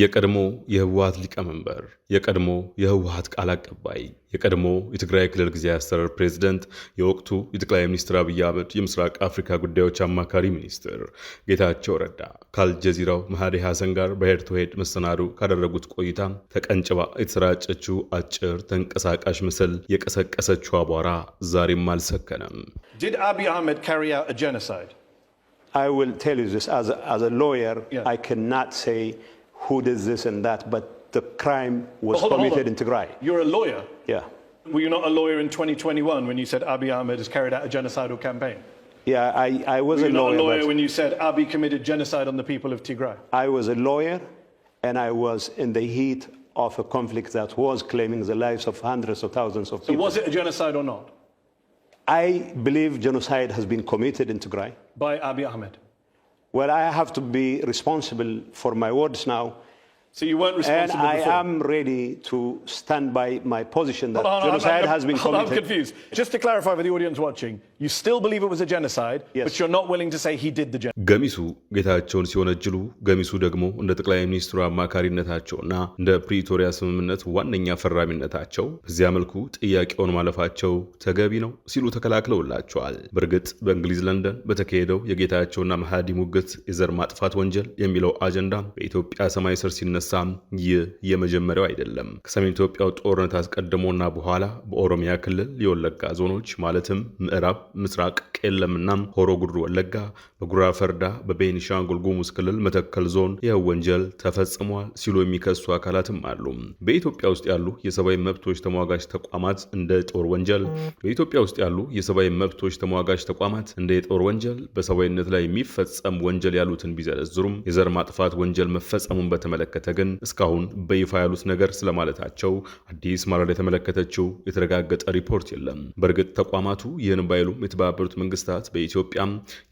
የቀድሞ የህወሀት ሊቀመንበር፣ የቀድሞ የህወሀት ቃል አቀባይ፣ የቀድሞ የትግራይ ክልል ጊዜያዊ አስተዳደር ፕሬዚደንት፣ የወቅቱ የጠቅላይ ሚኒስትር አብይ አህመድ የምስራቅ አፍሪካ ጉዳዮች አማካሪ ሚኒስትር ጌታቸው ረዳ ከአልጀዚራው መሃዲ ሐሰን ጋር በሄድ ቱ ሄድ መሰናዱ ካደረጉት ቆይታ ተቀንጭባ የተሰራጨችው አጭር ተንቀሳቃሽ ምስል የቀሰቀሰችው አቧራ ዛሬም አልሰከነም። ዲድ አብይ አህመድ ካሪ አውት who did this and that, but the crime was hold committed on, on. in Tigray. You're a lawyer. Yeah. Were you not a lawyer in 2021 when you said Abiy Ahmed has carried out a genocidal campaign? Yeah, I, I was Were you a lawyer. not a lawyer when you said Abiy committed genocide on the people of Tigray? I was a lawyer, and I was in the heat of a conflict that was claiming the lives of hundreds of thousands of so people. So was it a genocide or not? I believe genocide has been committed in Tigray. By Abiy Ahmed? Well, I have to be responsible for my words now. So you weren't responsible. And I before. am ready to stand by my position that on, genocide I'm, has been committed. I'm confused. Just to clarify for the audience watching, ገሚሱ ጌታቸውን ሲወነጅሉ ገሚሱ ደግሞ እንደ ጠቅላይ ሚኒስትሩ አማካሪነታቸውና እንደ ፕሪቶሪያ ስምምነት ዋነኛ ፈራሚነታቸው በዚያ መልኩ ጥያቄውን ማለፋቸው ተገቢ ነው ሲሉ ተከላክለውላቸዋል። በእርግጥ በእንግሊዝ ለንደን በተካሄደው የጌታቸውና መሃዲ ሙግት የዘር ማጥፋት ወንጀል የሚለው አጀንዳ በኢትዮጵያ ሰማይ ስር ሲነሳ ይህ የመጀመሪያው አይደለም። ከሰሜን ኢትዮጵያው ጦርነት አስቀድሞና በኋላ በኦሮሚያ ክልል የወለጋ ዞኖች ማለትም ምዕራብ ምስራቅ ቄለምና ሆሮ ጉድሩ ወለጋ፣ በጉራ ፈርዳ፣ በቤኒሻንጉል ጉሙዝ ክልል መተከል ዞን ይህ ወንጀል ተፈጽሟል ሲሉ የሚከሱ አካላትም አሉ። በኢትዮጵያ ውስጥ ያሉ የሰብአዊ መብቶች ተሟጋች ተቋማት እንደ ጦር ወንጀል በኢትዮጵያ ውስጥ ያሉ የሰብአዊ መብቶች ተሟጋች ተቋማት እንደ የጦር ወንጀል በሰብአዊነት ላይ የሚፈጸም ወንጀል ያሉትን ቢዘረዝሩም የዘር ማጥፋት ወንጀል መፈጸሙን በተመለከተ ግን እስካሁን በይፋ ያሉት ነገር ስለማለታቸው አዲስ ማለዳ የተመለከተችው የተረጋገጠ ሪፖርት የለም። በእርግጥ ተቋማቱ ይህን ባይሉም የተባበሩት መንግስታት በኢትዮጵያ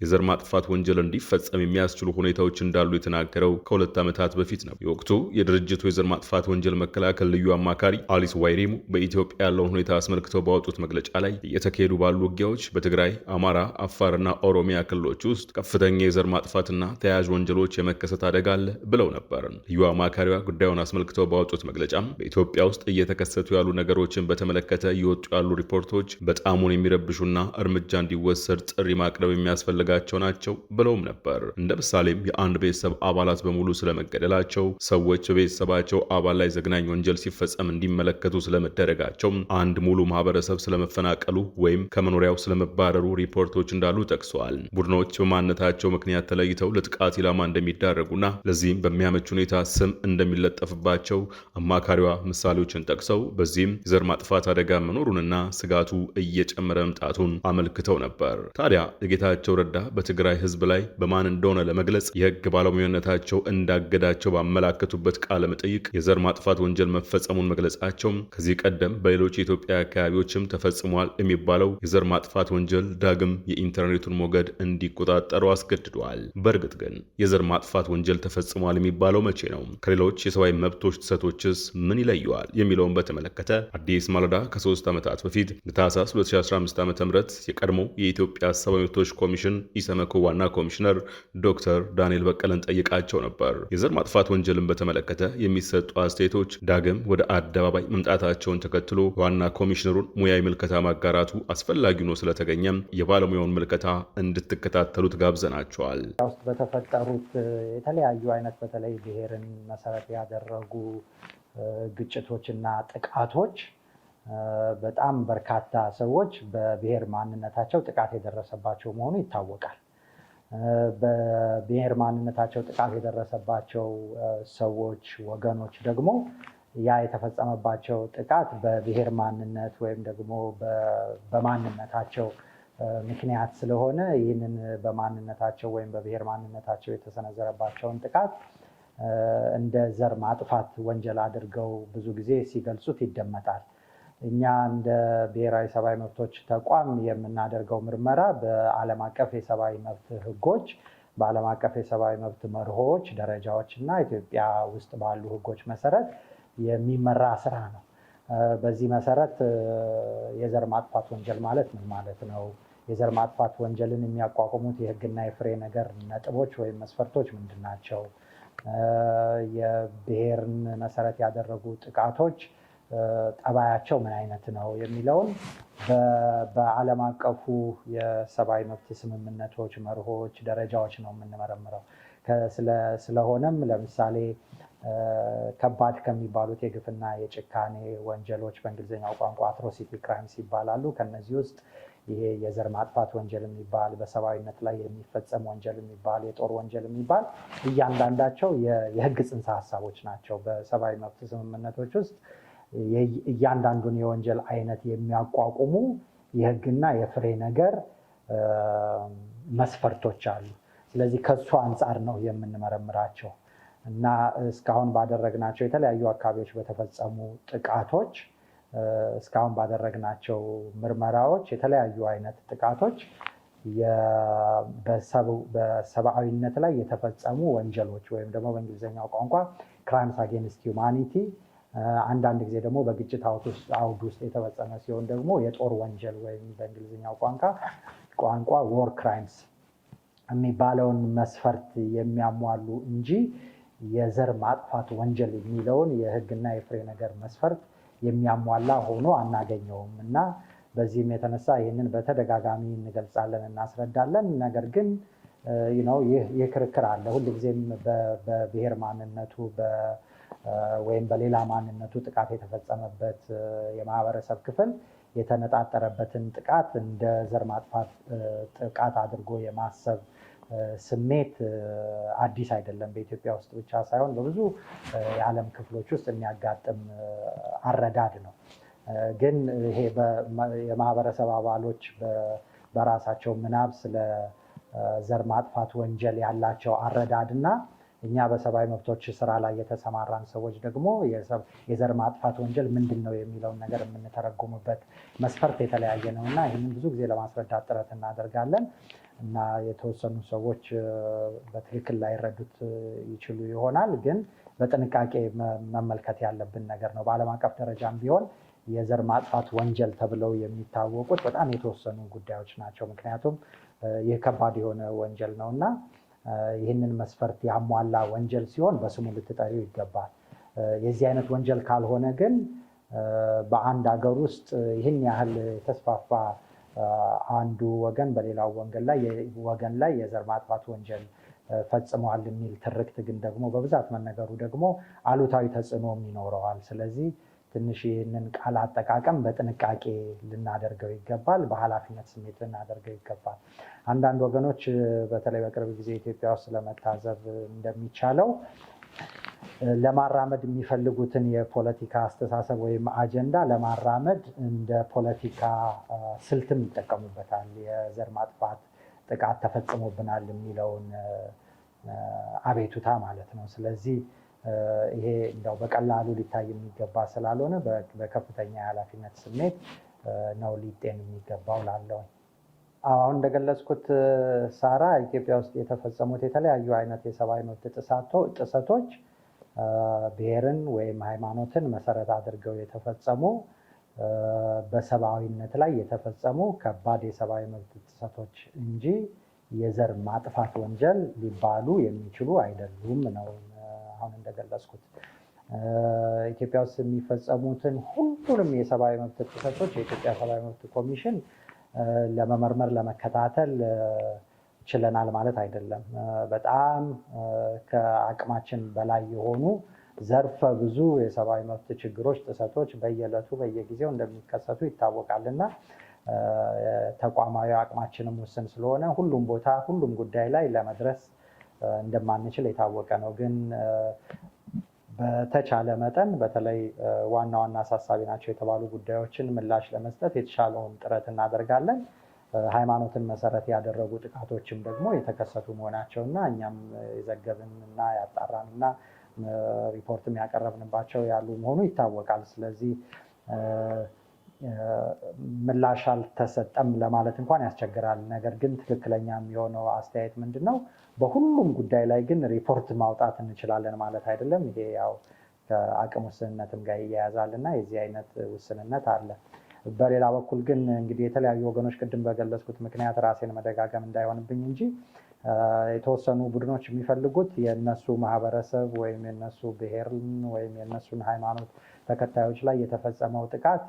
የዘር ማጥፋት ወንጀል እንዲፈጸም የሚያስችሉ ሁኔታዎች እንዳሉ የተናገረው ከሁለት ዓመታት በፊት ነው። የወቅቱ የድርጅቱ የዘር ማጥፋት ወንጀል መከላከል ልዩ አማካሪ አሊስ ዋይሪሙ በኢትዮጵያ ያለውን ሁኔታ አስመልክተው ባወጡት መግለጫ ላይ እየተካሄዱ ባሉ ውጊያዎች በትግራይ፣ አማራ፣ አፋርና ኦሮሚያ ክልሎች ውስጥ ከፍተኛ የዘር ማጥፋትና ተያያዥ ወንጀሎች የመከሰት አደጋ አለ ብለው ነበር። ልዩ አማካሪዋ ጉዳዩን አስመልክተው ባወጡት መግለጫ በኢትዮጵያ ውስጥ እየተከሰቱ ያሉ ነገሮችን በተመለከተ እየወጡ ያሉ ሪፖርቶች በጣሙን የሚረብሹና እርምጃ እርምጃ እንዲወሰድ ጥሪ ማቅረብ የሚያስፈልጋቸው ናቸው ብለውም ነበር። እንደ ምሳሌም የአንድ ቤተሰብ አባላት በሙሉ ስለመገደላቸው፣ ሰዎች በቤተሰባቸው አባል ላይ ዘግናኝ ወንጀል ሲፈጸም እንዲመለከቱ ስለመደረጋቸው፣ አንድ ሙሉ ማህበረሰብ ስለመፈናቀሉ ወይም ከመኖሪያው ስለመባረሩ ሪፖርቶች እንዳሉ ጠቅሰዋል። ቡድኖች በማንነታቸው ምክንያት ተለይተው ለጥቃት ኢላማ እንደሚዳረጉና ለዚህም በሚያመች ሁኔታ ስም እንደሚለጠፍባቸው አማካሪዋ ምሳሌዎችን ጠቅሰው በዚህም የዘር ማጥፋት አደጋ መኖሩንና ስጋቱ እየጨመረ መምጣቱን አመ አመልክተው ነበር። ታዲያ የጌታቸው ረዳ በትግራይ ህዝብ ላይ በማን እንደሆነ ለመግለጽ የህግ ባለሙያነታቸው እንዳገዳቸው ባመላከቱበት ቃለ መጠይቅ የዘር ማጥፋት ወንጀል መፈጸሙን መግለጻቸውም ከዚህ ቀደም በሌሎች የኢትዮጵያ አካባቢዎችም ተፈጽሟል የሚባለው የዘር ማጥፋት ወንጀል ዳግም የኢንተርኔቱን ሞገድ እንዲቆጣጠሩ አስገድደዋል። በእርግጥ ግን የዘር ማጥፋት ወንጀል ተፈጽሟል የሚባለው መቼ ነው? ከሌሎች የሰብአዊ መብቶች ጥሰቶችስ ምን ይለየዋል? የሚለውን በተመለከተ አዲስ ማለዳ ከሶስት ዓመታት በፊት ታህሳስ 2015 ዓ ም የቀድሞ የኢትዮጵያ ሰብአዊ መብቶች ኮሚሽን ኢሰመኮ ዋና ኮሚሽነር ዶክተር ዳንኤል በቀለን ጠይቃቸው ነበር። የዘር ማጥፋት ወንጀልን በተመለከተ የሚሰጡ አስተያየቶች ዳግም ወደ አደባባይ መምጣታቸውን ተከትሎ ዋና ኮሚሽነሩን ሙያዊ ምልከታ ማጋራቱ አስፈላጊ ነው ስለተገኘም የባለሙያውን ምልከታ እንድትከታተሉት ጋብዘናቸዋል። ውስጥ በተፈጠሩት የተለያዩ አይነት በተለይ ብሔርን መሰረት ያደረጉ ግጭቶችና ጥቃቶች በጣም በርካታ ሰዎች በብሔር ማንነታቸው ጥቃት የደረሰባቸው መሆኑ ይታወቃል። በብሔር ማንነታቸው ጥቃት የደረሰባቸው ሰዎች ወገኖች ደግሞ ያ የተፈጸመባቸው ጥቃት በብሔር ማንነት ወይም ደግሞ በማንነታቸው ምክንያት ስለሆነ ይህንን በማንነታቸው ወይም በብሔር ማንነታቸው የተሰነዘረባቸውን ጥቃት እንደ ዘር ማጥፋት ወንጀል አድርገው ብዙ ጊዜ ሲገልጹት ይደመጣል። እኛ እንደ ብሔራዊ ሰብአዊ መብቶች ተቋም የምናደርገው ምርመራ በዓለም አቀፍ የሰብአዊ መብት ህጎች በዓለም አቀፍ የሰብአዊ መብት መርሆች፣ ደረጃዎች እና ኢትዮጵያ ውስጥ ባሉ ህጎች መሰረት የሚመራ ስራ ነው። በዚህ መሰረት የዘር ማጥፋት ወንጀል ማለት ምን ማለት ነው? የዘር ማጥፋት ወንጀልን የሚያቋቁሙት የህግና የፍሬ ነገር ነጥቦች ወይም መስፈርቶች ምንድን ናቸው? የብሔርን መሰረት ያደረጉ ጥቃቶች ጠባያቸው ምን አይነት ነው የሚለውን በዓለም አቀፉ የሰብአዊ መብት ስምምነቶች፣ መርሆች፣ ደረጃዎች ነው የምንመረምረው። ስለሆነም ለምሳሌ ከባድ ከሚባሉት የግፍና የጭካኔ ወንጀሎች በእንግሊዝኛው ቋንቋ አትሮሲቲ ክራይምስ ይባላሉ። ከነዚህ ውስጥ ይሄ የዘር ማጥፋት ወንጀል የሚባል፣ በሰብአዊነት ላይ የሚፈጸም ወንጀል የሚባል፣ የጦር ወንጀል የሚባል እያንዳንዳቸው የህግ ፅንሰ ሀሳቦች ናቸው በሰብአዊ መብት ስምምነቶች ውስጥ እያንዳንዱን የወንጀል አይነት የሚያቋቁሙ የህግና የፍሬ ነገር መስፈርቶች አሉ። ስለዚህ ከሱ አንጻር ነው የምንመረምራቸው እና እስካሁን ባደረግናቸው የተለያዩ አካባቢዎች በተፈጸሙ ጥቃቶች እስካሁን ባደረግናቸው ምርመራዎች የተለያዩ አይነት ጥቃቶች በሰብአዊነት ላይ የተፈጸሙ ወንጀሎች ወይም ደግሞ በእንግሊዝኛው ቋንቋ ክራይምስ አጌንስት ዩማኒቲ አንዳንድ ጊዜ ደግሞ በግጭት አውድ ውስጥ የተፈጸመ ሲሆን ደግሞ የጦር ወንጀል ወይም በእንግሊዝኛው ቋንቋ ቋንቋ ዎር ክራይምስ የሚባለውን መስፈርት የሚያሟሉ እንጂ የዘር ማጥፋት ወንጀል የሚለውን የህግና የፍሬ ነገር መስፈርት የሚያሟላ ሆኖ አናገኘውም እና በዚህም የተነሳ ይህንን በተደጋጋሚ እንገልጻለን፣ እናስረዳለን። ነገር ግን ይህ ክርክር አለ። ሁልጊዜም በብሔር ማንነቱ ወይም በሌላ ማንነቱ ጥቃት የተፈጸመበት የማህበረሰብ ክፍል የተነጣጠረበትን ጥቃት እንደ ዘር ማጥፋት ጥቃት አድርጎ የማሰብ ስሜት አዲስ አይደለም። በኢትዮጵያ ውስጥ ብቻ ሳይሆን በብዙ የዓለም ክፍሎች ውስጥ የሚያጋጥም አረዳድ ነው። ግን ይሄ የማህበረሰብ አባሎች በራሳቸው ምናብ ስለ ዘር ማጥፋት ወንጀል ያላቸው አረዳድ እና እኛ በሰብአዊ መብቶች ስራ ላይ የተሰማራን ሰዎች ደግሞ የዘር ማጥፋት ወንጀል ምንድን ነው የሚለውን ነገር የምንተረጉምበት መስፈርት የተለያየ ነው እና ይህንን ብዙ ጊዜ ለማስረዳት ጥረት እናደርጋለን እና የተወሰኑ ሰዎች በትክክል ላይረዱት ይችሉ ይሆናል፣ ግን በጥንቃቄ መመልከት ያለብን ነገር ነው። በአለም አቀፍ ደረጃም ቢሆን የዘር ማጥፋት ወንጀል ተብለው የሚታወቁት በጣም የተወሰኑ ጉዳዮች ናቸው። ምክንያቱም ይህ ከባድ የሆነ ወንጀል ነው እና ይህንን መስፈርት ያሟላ ወንጀል ሲሆን በስሙ ልትጠሪው ይገባል። የዚህ አይነት ወንጀል ካልሆነ ግን በአንድ ሀገር ውስጥ ይህን ያህል የተስፋፋ አንዱ ወገን በሌላው ወገን ላይ ወገን ላይ የዘር ማጥፋት ወንጀል ፈጽመዋል የሚል ትርክት ግን ደግሞ በብዛት መነገሩ ደግሞ አሉታዊ ተጽዕኖም ይኖረዋል። ስለዚህ ትንሽ ይህንን ቃል አጠቃቀም በጥንቃቄ ልናደርገው ይገባል። በኃላፊነት ስሜት ልናደርገው ይገባል። አንዳንድ ወገኖች በተለይ በቅርብ ጊዜ ኢትዮጵያ ውስጥ ለመታዘብ እንደሚቻለው ለማራመድ የሚፈልጉትን የፖለቲካ አስተሳሰብ ወይም አጀንዳ ለማራመድ እንደ ፖለቲካ ስልትም ይጠቀሙበታል። የዘር ማጥፋት ጥቃት ተፈጽሞብናል የሚለውን አቤቱታ ማለት ነው። ስለዚህ ይሄ እንደው በቀላሉ ሊታይ የሚገባ ስላልሆነ በከፍተኛ የኃላፊነት ስሜት ነው ሊጤን የሚገባው ላለው አሁን እንደገለጽኩት ሳራ ኢትዮጵያ ውስጥ የተፈጸሙት የተለያዩ አይነት የሰብአዊ መብት ጥሰቶች ብሔርን ወይም ሃይማኖትን መሰረት አድርገው የተፈጸሙ በሰብአዊነት ላይ የተፈጸሙ ከባድ የሰብአዊ መብት ጥሰቶች እንጂ የዘር ማጥፋት ወንጀል ሊባሉ የሚችሉ አይደሉም ነው አሁን እንደገለጽኩት ኢትዮጵያ ውስጥ የሚፈጸሙትን ሁሉንም የሰብአዊ መብት ጥሰቶች የኢትዮጵያ ሰብአዊ መብት ኮሚሽን ለመመርመር ለመከታተል ችለናል ማለት አይደለም። በጣም ከአቅማችን በላይ የሆኑ ዘርፈ ብዙ የሰብአዊ መብት ችግሮች፣ ጥሰቶች በየለቱ በየጊዜው እንደሚከሰቱ ይታወቃል እና ተቋማዊ አቅማችንም ውስን ስለሆነ ሁሉም ቦታ ሁሉም ጉዳይ ላይ ለመድረስ እንደማንችል የታወቀ ነው። ግን በተቻለ መጠን በተለይ ዋና ዋና አሳሳቢ ናቸው የተባሉ ጉዳዮችን ምላሽ ለመስጠት የተሻለውን ጥረት እናደርጋለን። ሃይማኖትን መሰረት ያደረጉ ጥቃቶችም ደግሞ የተከሰቱ መሆናቸው እና እኛም የዘገብን እና ያጣራን እና ሪፖርትም ያቀረብንባቸው ያሉ መሆኑ ይታወቃል። ስለዚህ ምላሽ አልተሰጠም ለማለት እንኳን ያስቸግራል። ነገር ግን ትክክለኛ የሚሆነው አስተያየት ምንድን ነው? በሁሉም ጉዳይ ላይ ግን ሪፖርት ማውጣት እንችላለን ማለት አይደለም። ይሄ ያው ከአቅም ውስንነትም ጋር እያያዛል እና የዚህ አይነት ውስንነት አለ። በሌላ በኩል ግን እንግዲህ የተለያዩ ወገኖች ቅድም በገለጽኩት ምክንያት ራሴን መደጋገም እንዳይሆንብኝ እንጂ የተወሰኑ ቡድኖች የሚፈልጉት የእነሱ ማህበረሰብ ወይም የነሱ ብሔርን ወይም የነሱን ሃይማኖት ተከታዮች ላይ የተፈጸመው ጥቃት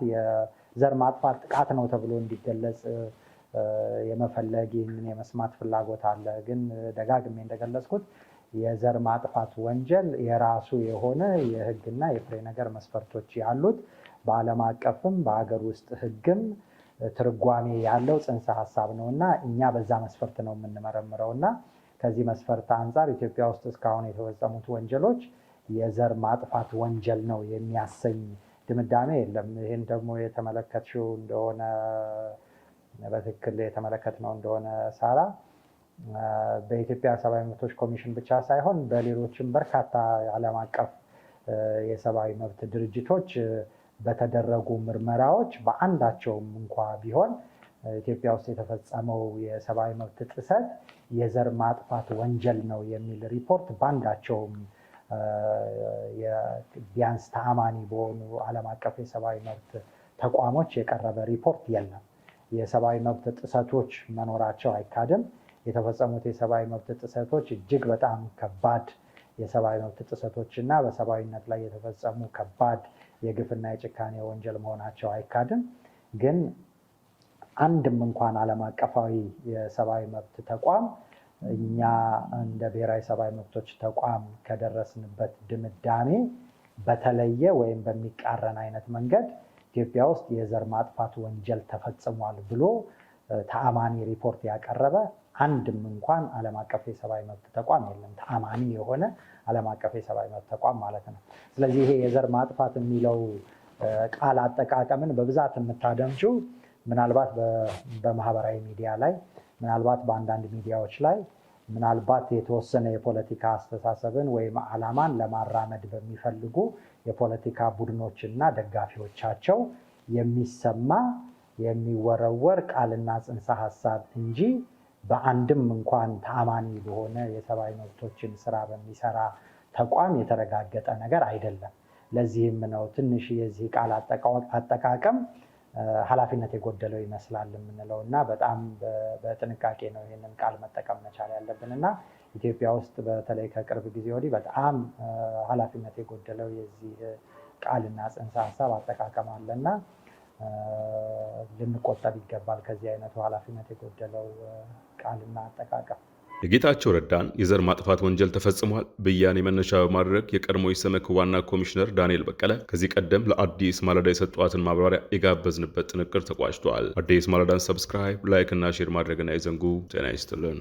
ዘር ማጥፋት ጥቃት ነው ተብሎ እንዲገለጽ የመፈለግ ይህንን የመስማት ፍላጎት አለ። ግን ደጋግሜ እንደገለጽኩት የዘር ማጥፋት ወንጀል የራሱ የሆነ የህግና የፍሬ ነገር መስፈርቶች ያሉት በዓለም አቀፍም በሀገር ውስጥ ህግም ትርጓሜ ያለው ጽንሰ ሀሳብ ነው እና እኛ በዛ መስፈርት ነው የምንመረምረው እና ከዚህ መስፈርት አንጻር ኢትዮጵያ ውስጥ እስካሁን የተፈጸሙት ወንጀሎች የዘር ማጥፋት ወንጀል ነው የሚያሰኝ ድምዳሜ የለም። ይህን ደግሞ የተመለከትሽው እንደሆነ በትክክል የተመለከትነው እንደሆነ ሳራ በኢትዮጵያ ሰብአዊ መብቶች ኮሚሽን ብቻ ሳይሆን በሌሎችም በርካታ ዓለም አቀፍ የሰብአዊ መብት ድርጅቶች በተደረጉ ምርመራዎች በአንዳቸውም እንኳ ቢሆን ኢትዮጵያ ውስጥ የተፈጸመው የሰብአዊ መብት ጥሰት የዘር ማጥፋት ወንጀል ነው የሚል ሪፖርት በአንዳቸውም ቢያንስ ተአማኒ በሆኑ አለም አቀፍ የሰብአዊ መብት ተቋሞች የቀረበ ሪፖርት የለም። የሰብአዊ መብት ጥሰቶች መኖራቸው አይካድም። የተፈጸሙት የሰብአዊ መብት ጥሰቶች እጅግ በጣም ከባድ የሰብአዊ መብት ጥሰቶች እና በሰብአዊነት ላይ የተፈጸሙ ከባድ የግፍና የጭካኔ ወንጀል መሆናቸው አይካድም። ግን አንድም እንኳን አለም አቀፋዊ የሰብአዊ መብት ተቋም እኛ እንደ ብሔራዊ ሰብአዊ መብቶች ተቋም ከደረስንበት ድምዳሜ በተለየ ወይም በሚቃረን አይነት መንገድ ኢትዮጵያ ውስጥ የዘር ማጥፋት ወንጀል ተፈጽሟል ብሎ ተአማኒ ሪፖርት ያቀረበ አንድም እንኳን ዓለም አቀፍ የሰብአዊ መብት ተቋም የለም። ተአማኒ የሆነ ዓለም አቀፍ የሰብአዊ መብት ተቋም ማለት ነው። ስለዚህ ይሄ የዘር ማጥፋት የሚለው ቃል አጠቃቀምን በብዛት የምታደምጩ ምናልባት በማህበራዊ ሚዲያ ላይ ምናልባት በአንዳንድ ሚዲያዎች ላይ ምናልባት የተወሰነ የፖለቲካ አስተሳሰብን ወይም አላማን ለማራመድ በሚፈልጉ የፖለቲካ ቡድኖችና ደጋፊዎቻቸው የሚሰማ የሚወረወር ቃልና ጽንሰ ሀሳብ እንጂ በአንድም እንኳን ተአማኒ በሆነ የሰብአዊ መብቶችን ስራ በሚሰራ ተቋም የተረጋገጠ ነገር አይደለም። ለዚህም ነው ትንሽ የዚህ ቃል አጠቃቀም ኃላፊነት የጎደለው ይመስላል የምንለው እና በጣም በጥንቃቄ ነው ይህንን ቃል መጠቀም መቻል ያለብን እና ኢትዮጵያ ውስጥ በተለይ ከቅርብ ጊዜ ወዲህ በጣም ኃላፊነት የጎደለው የዚህ ቃልና ጽንሰ ሀሳብ አጠቃቀም አለ እና ልንቆጠብ ይገባል ከዚህ አይነቱ ኃላፊነት የጎደለው ቃልና አጠቃቀም። የጌታቸው ረዳን የዘር ማጥፋት ወንጀል ተፈጽሟል ብያኔ መነሻ በማድረግ የቀድሞ ኢሰመኮ ዋና ኮሚሽነር ዳንኤል በቀለ ከዚህ ቀደም ለአዲስ ማለዳ የሰጧትን ማብራሪያ የጋበዝንበት ጥንቅር ተቋጭቷል። አዲስ ማለዳን ሰብስክራይብ፣ ላይክ እና ሼር ማድረግን አይዘንጉ። ጤና ይስጥልን።